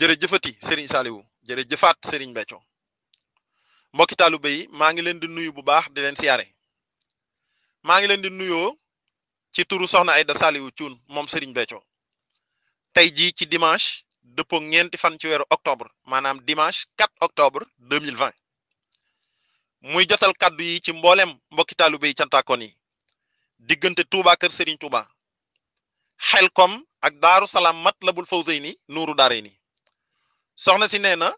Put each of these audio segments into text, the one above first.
jërëjëfati Serigne Saliou jërëjëfaat Serigne Béthio mbokki taalibe yi maa ngi leen di nuyu bu baax di leen siyaare maa ngi leen di nuyoo ci turu soxna Aïda Saliou Thioune moom Serigne Béthio tey jii ci dimanche dëppoo ñeenti fan ci weeru octobre maanaam dimanche 4 octobre 2020 muy jotal kàddu yi ci mboolem mbokki taalibe yi cantakoon yi diggante Touba kër Serigne xel xelkom ak daaru salaam mat labul fawsey ni nuuru daarey ni soxna si nee na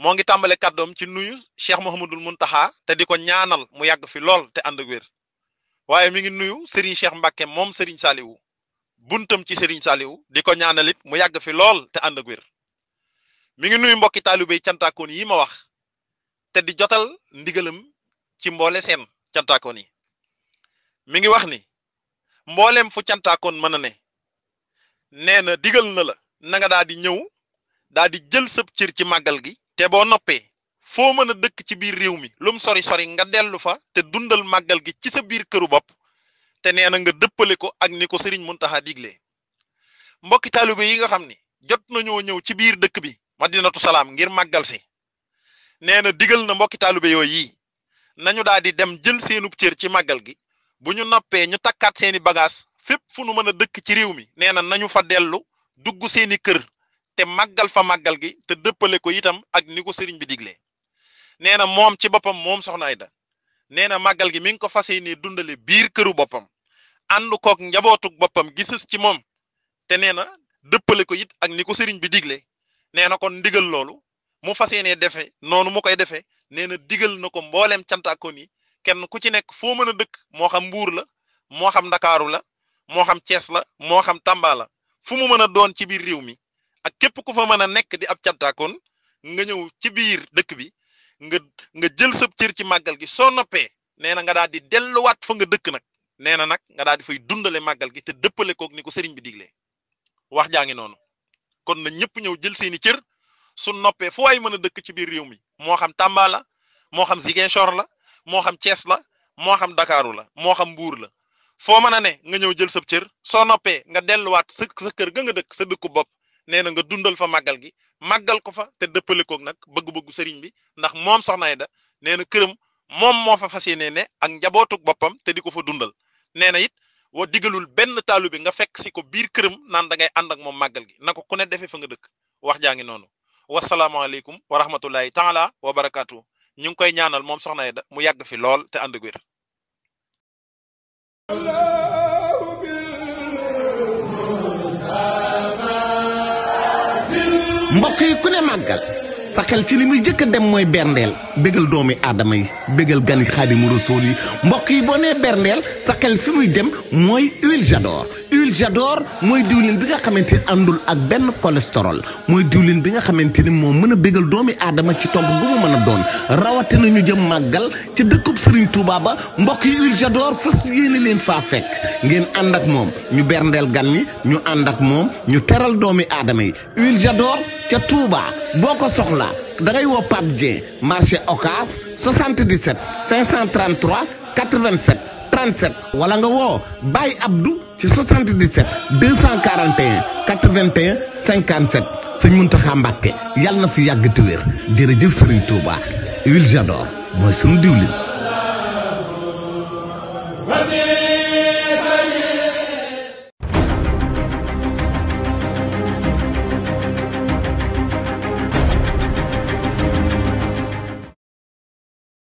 moo ngi tàmbali kàddoom ci nuyu Cheikh Mouhamadul Muntaxa te di ko ñaanal mu yàgg fi lool te ànd ak wér waaye mi ngi nuyu Serigne Cheikh Mbacke moom Serigne Saliou buntam ci Serigne Saliou di ko ñaanalit mu yàgg fi lool te ànd ak mi ngi nuyu mbokki taalibe yi cantaakoon yi ma wax te di jotal ndigalam ci mboole seen cantaakoon yi mi ngi wax ni mbooleem fu cantaakoon mën a ne nee na digal na la nanga nga di ñëw daa di jël sëb cër ci màggal gi te boo noppee foo mën a dëkk ci biir réew mi lum sori sori nga dellu fa te dundal màggal gi ci sa biir këru bopp te nee na nga dëppale ko ak ni ko Serigne Mountakha digle mbokki taalibe yi nga xam ni jot nañoo ñëw ci biir dëkk bi Madinatu Salaam ngir màggal si nee na digal na mbokki taalibe yooyu yi nañu daal di dem jël seenub cër ci màggal gi bu ñu noppee ñu takkaat seeni bagage fépp fu nu mën a dëkk ci réew mi nee na nañu fa dellu dugg seeni kër te màggal fa màggal gi te dëppale ko itam ak ni ko sëriñ bi diglee nee na moom ci boppam moom soxna da nee na màggal gi mi ngi ko fas ne dundale biir këru boppam ànd kook njabootug boppam gisus ci moom te nee na dëppale ko it ak ni ko sëriñ bi diglee nee na kon ndigal loolu mu fas ne defe noonu mu koy defee nee na digal na ko mbooleem cantaako ni kenn ku ci nekk foo mën a dëkk moo xam mbuur la moo xam ndakaaru la moo xam Cees la moo xam Tamba la fu mu mën a doon ci biir réew mi képp ku fa mën a nekk di ab cantaakoon nga ñëw ci biir dëkk bi nga nga jël sa cër ci màggal gi soo noppee nee na nga daal di delluwaat fa nga dëkk nag nee na nag nga daal di fay dundale màggal gi te dëppale kook ni ko sëriñ bi diglee wax jaa ngi noonu kon na ñëpp ñëw jël seeni cër su noppee foo ay mën a dëkk ci biir réew mi moo xam Tamba la moo xam Ziguinchor la moo xam Thiès la moo xam Dakaaru la moo xam Mbuur la foo mën a ne nga ñëw jël sa cër soo noppee nga delluwaat sa sa kër ga nga dëkk sa dëkku bopp nee na nga dundal fa màggal gi màggal ko fa te dëppale koog nag bëgg-bëggu sëriñ bi ndax moom soxna da nee na këram moom moo fa fas yéene ne ak njabootug boppam te di ko fa dundal nee na it wa digalul benn taalu bi nga fekk si ko biir këram naan da ngay ànd ak moom màggal gi na ko ku ne defee fa nga dëkk wax jaa ngi noonu wasalaamaaleykum wa rahmatulahi taala wa barakaatu ñu ngi koy ñaanal moom soxna da mu yàgg fi lool te ànd ak wér mbokk yi ku ne màggal sa xel ci li muy jëkk a dem mooy berndeel bégal doomi aadama yi bégal gani xaadimu soo yi mbokk yi boo nee berndeel sa xel fi muy dem mooy huile j'adore diwlin j'adore mooy diwlin bi nga xamante ni àndul ak benn cholestérol mooy diwlin bi nga xamante ni moo mën a bégal doomi aadama ci togg gu mu mën a doon rawatina ñu jëm màggal ci dëkkub Serigne Touba ba mbokk yi huile j'adore fas yéene leen faa fekk ngeen ànd ak moom ñu berndeel gan ñi ñu ànd ak moom ñu teral doomi aadama yi huile ca Touba boo ko soxla da ngay woo Pape Dieng marché Ocass 77 533 87 37 wala nga woo Baye Abdou. ci 77 241 81 57 sëñ Muntaxa Mbàkke yàlla na fi yàgg te wér jërëjëf Serigne Touba huile j'adore mooy sunu diwlin.